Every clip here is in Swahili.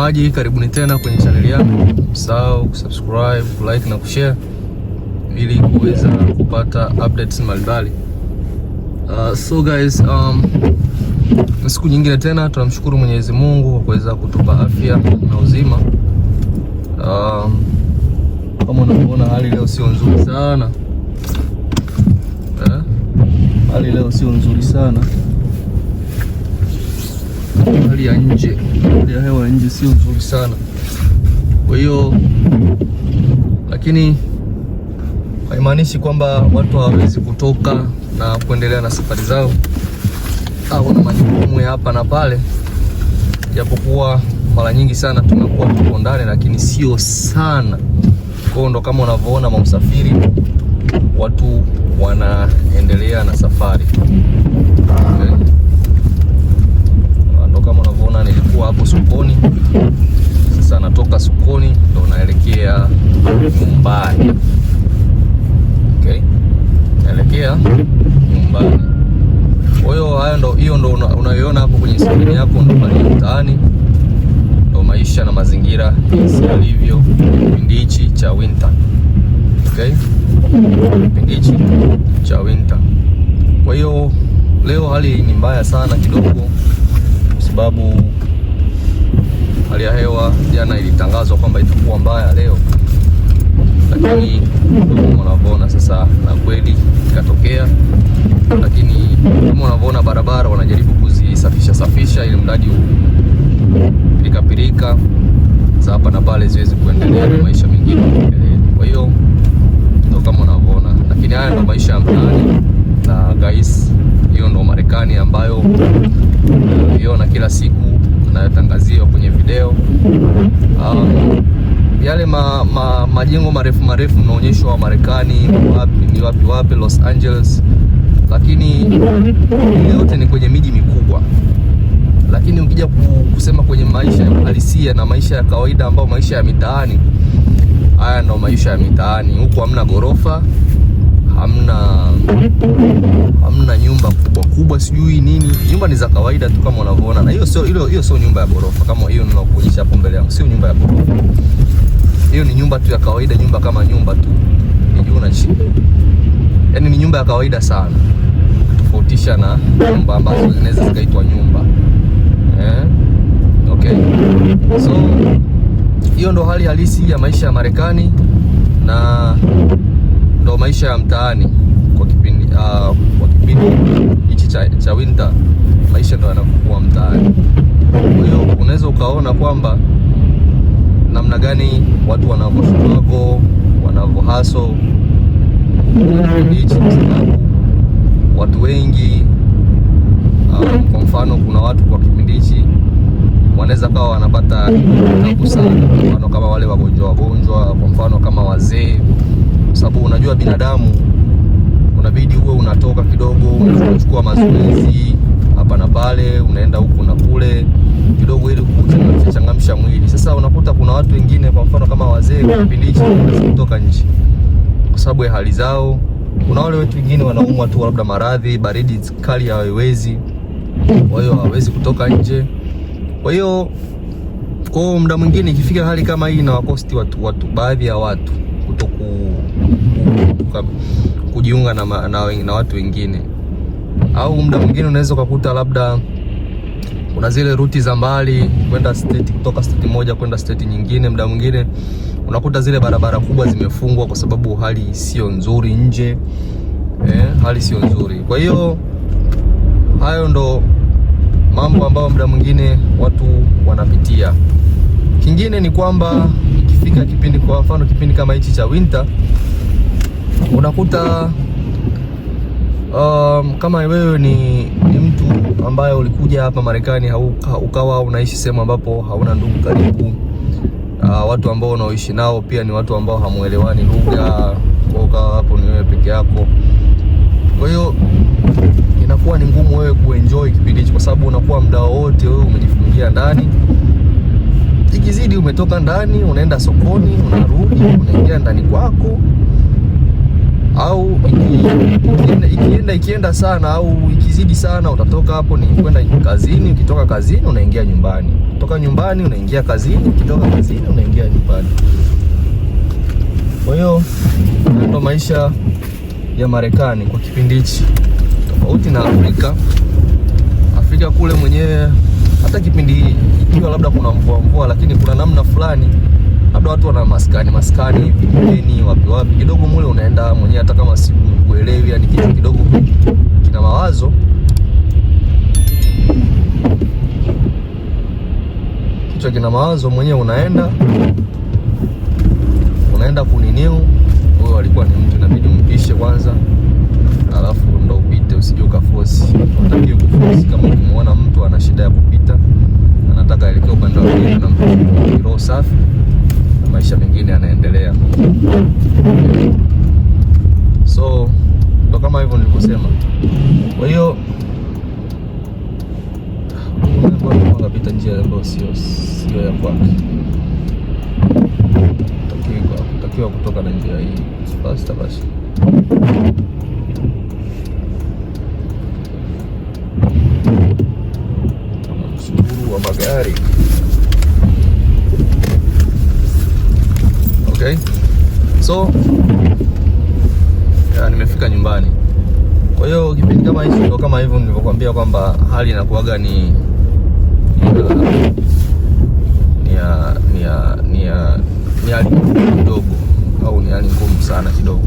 watazamaji, karibuni tena kwenye chaneli yangu. Usahau kusubscribe, kulike na kushare ili kuweza kupata updates mbalimbali. Uh, so guys, um, siku nyingine tena tunamshukuru Mwenyezi Mungu kwa kuweza kutupa afya na uzima. Um, kama unavyoona hali leo sio nzuri sana eh? Hali leo sio nzuri sana hali ya nje, hali ya hewa ya nje sio nzuri sana. Kwa hiyo lakini haimaanishi kwamba watu hawawezi kutoka na kuendelea na safari zao au ah, na majukumu ya hapa na pale, japokuwa mara nyingi sana tunakuwa tuko ndani, lakini sio sana. Kwa ndo kama unavyoona mamsafiri watu wanaendelea na safari. hapo sokoni. Sasa natoka sokoni ndo naelekea nyumbani. Okay, naelekea nyumbani. Kwa hiyo hayo ndo, hiyo ndo unayoona hapo kwenye skrini yako ndo pale mtaani, ndo maisha na mazingira jinsi yalivyo kipindi hichi cha winter. Okay, kipindi hichi cha winter. Kwa hiyo leo hali ni mbaya sana kidogo kwa sababu hali ya hewa jana ilitangazwa kwamba itakuwa mbaya leo, lakini kama unavyoona sasa, na kweli ikatokea. Lakini kama unavyoona barabara wanajaribu kuzisafisha safisha, ili mradi pirika za hapa na pale ziwezi kuendelea na maisha mengine Kwa hiyo ndio kama unavyoona, lakini haya ndio maisha ya mtaani na guys, hiyo ndio Marekani ambayo unaiona kila siku tunayotangaziwa kwenye video. Um, yale ma, ma, majengo marefu marefu mnaonyeshwa Marekani ni wapi, wapi wapi, Los Angeles, lakini ile yote ni kwenye miji mikubwa. Lakini ukija kusema kwenye maisha ya halisia na maisha ya kawaida ambayo maisha ya mitaani, haya ndo maisha ya mitaani. Huku hamna ghorofa hamna hamna nyumba kubwa kubwa, sijui nini. Nyumba ni za kawaida tu kama unavyoona, na hiyo sio hiyo hiyo sio nyumba ya ghorofa kama hiyo ninakuonyesha hapo mbele yangu, sio nyumba ya ghorofa. Hiyo ni nyumba tu ya kawaida, nyumba kama nyumba tu, ni juu na chini, yaani ni nyumba ya kawaida sana, tofautisha na nyumba ambazo zinaweza zikaitwa nyumba eh? Okay, so hiyo ndo hali halisi ya maisha ya Marekani maisha ya mtaani kwa kipindi uh, kwa kipindi hichi cha, cha winter, maisha ndo yanakuwa mtaani. Kwa hiyo unaweza ukaona kwamba namna gani watu wanavyostruggle wanavyohaso hichi, kwa sababu watu wengi um, kwa mfano kuna watu kwa kipindi hichi wanaweza kawa wanapata tabu sana, kwa mfano kama wale wagonjwa wagonjwa wa binadamu unabidi uwe unatoka kidogo, unachukua mazoezi hapa na pale, unaenda huku na kule kidogo, ili kuchangamsha mwili. Sasa unakuta kuna watu wengine, kwa mfano kama wazee, kwa kipindi hicho kutoka nchi kwa sababu ya hali zao. Kuna wale watu wengine wanaumwa tu, labda maradhi, baridi kali, hawawezi kwa hiyo hawawezi kutoka nje. Kwa hiyo kwa muda mwingine ikifika hali kama hii, na wakosti watu, watu baadhi ya watu kuto ku, ku, kujiunga na, na, na, na watu wengine, au muda mwingine unaweza ukakuta labda kuna zile ruti za mbali kwenda state, kutoka state moja kwenda state nyingine. Muda mwingine unakuta zile barabara kubwa zimefungwa kwa sababu hali sio nzuri nje eh, hali sio nzuri. Kwa hiyo hayo ndo mambo ambayo muda mwingine watu wanapitia. Kingine ni kwamba ikifika kipindi, kwa mfano kipindi kama hichi cha winter, unakuta um, kama wewe ni, ni mtu ambaye ulikuja hapa Marekani ukawa unaishi sehemu ambapo hauna ndugu karibu, uh, watu ambao unaoishi nao pia ni watu ambao hamuelewani lugha, kwa ukawa hapo ni wewe peke yako, kwa hiyo inakuwa ni ngumu wewe kuenjoy kipindi hicho, kwa sababu unakuwa muda wote wewe umejifungia ndani ikizidi, umetoka ndani unaenda sokoni, unarudi unaingia ndani kwako, au ikienda, ikienda ikienda sana au ikizidi sana, utatoka hapo ni kwenda kazini. Ukitoka kazini unaingia nyumbani, kutoka nyumbani unaingia kazini, ukitoka kazini unaingia nyumbani. Kwa hiyo ndio maisha ya Marekani kwa kipindi hichi, tofauti na Afrika. Afrika kule mwenyewe hata kipindi labda kuna mvua mvua, lakini kuna namna fulani labda watu wana maskani maskani hivi wapi wapi kidogo mule unaenda mwenyewe, hata kama kuelewi, yani kitu kidogo kina mawazo kichwa kina mawazo mwenyewe, unaenda unaenda kuniniu. Huyo alikuwa ni mtu, inabidi umpishe kwanza, alafu ndo upite, usije ukafosi. Unatakiwa kufosi kama ukimwona kutoka upande wa pili na roho safi na maisha mengine yanaendelea. So ndo kama hivyo nilivyosema. Kwa hiyo kapita njia ambayo sio sio ya kwake, takiwa kutoka na njia hii basi basi. gari okay. So ya, nimefika nyumbani. Kwa hiyo kipindi kama hicho ndio kama hivyo nilivyokuambia kwamba hali inakuwaga ni ni hali kidogo au ni hali ngumu sana kidogo.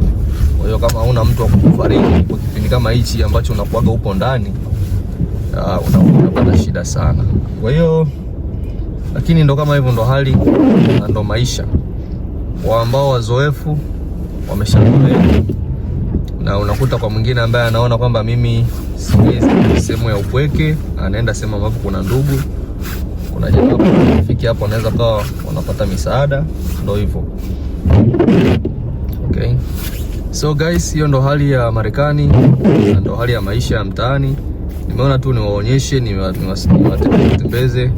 Kwa hiyo kama una mtu wa kukufariji kwa kipindi kama hichi ambacho unakuwaga upo ndani uh, unaona pana shida sana. Kwa hiyo lakini ndo kama hivyo, ndo hali na ndo maisha. Wa ambao wazoefu wameshazoea, na unakuta kwa mwingine ambaye anaona kwamba mimi siwezi sehemu ya upweke, anaenda sehemu ambapo kuna ndugu, kuna jamaa, rafiki, hapo anaweza kawa wanapata misaada, ndo hivyo okay. So guys, hiyo ndo hali ya Marekani, ndo hali ya maisha ya mtaani nimeona tu niwaonyeshe, niwatembeze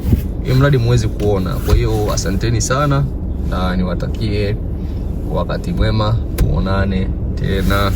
ili mradi muweze kuona. Kwa hiyo asanteni sana na niwatakie wakati mwema, tuonane tena.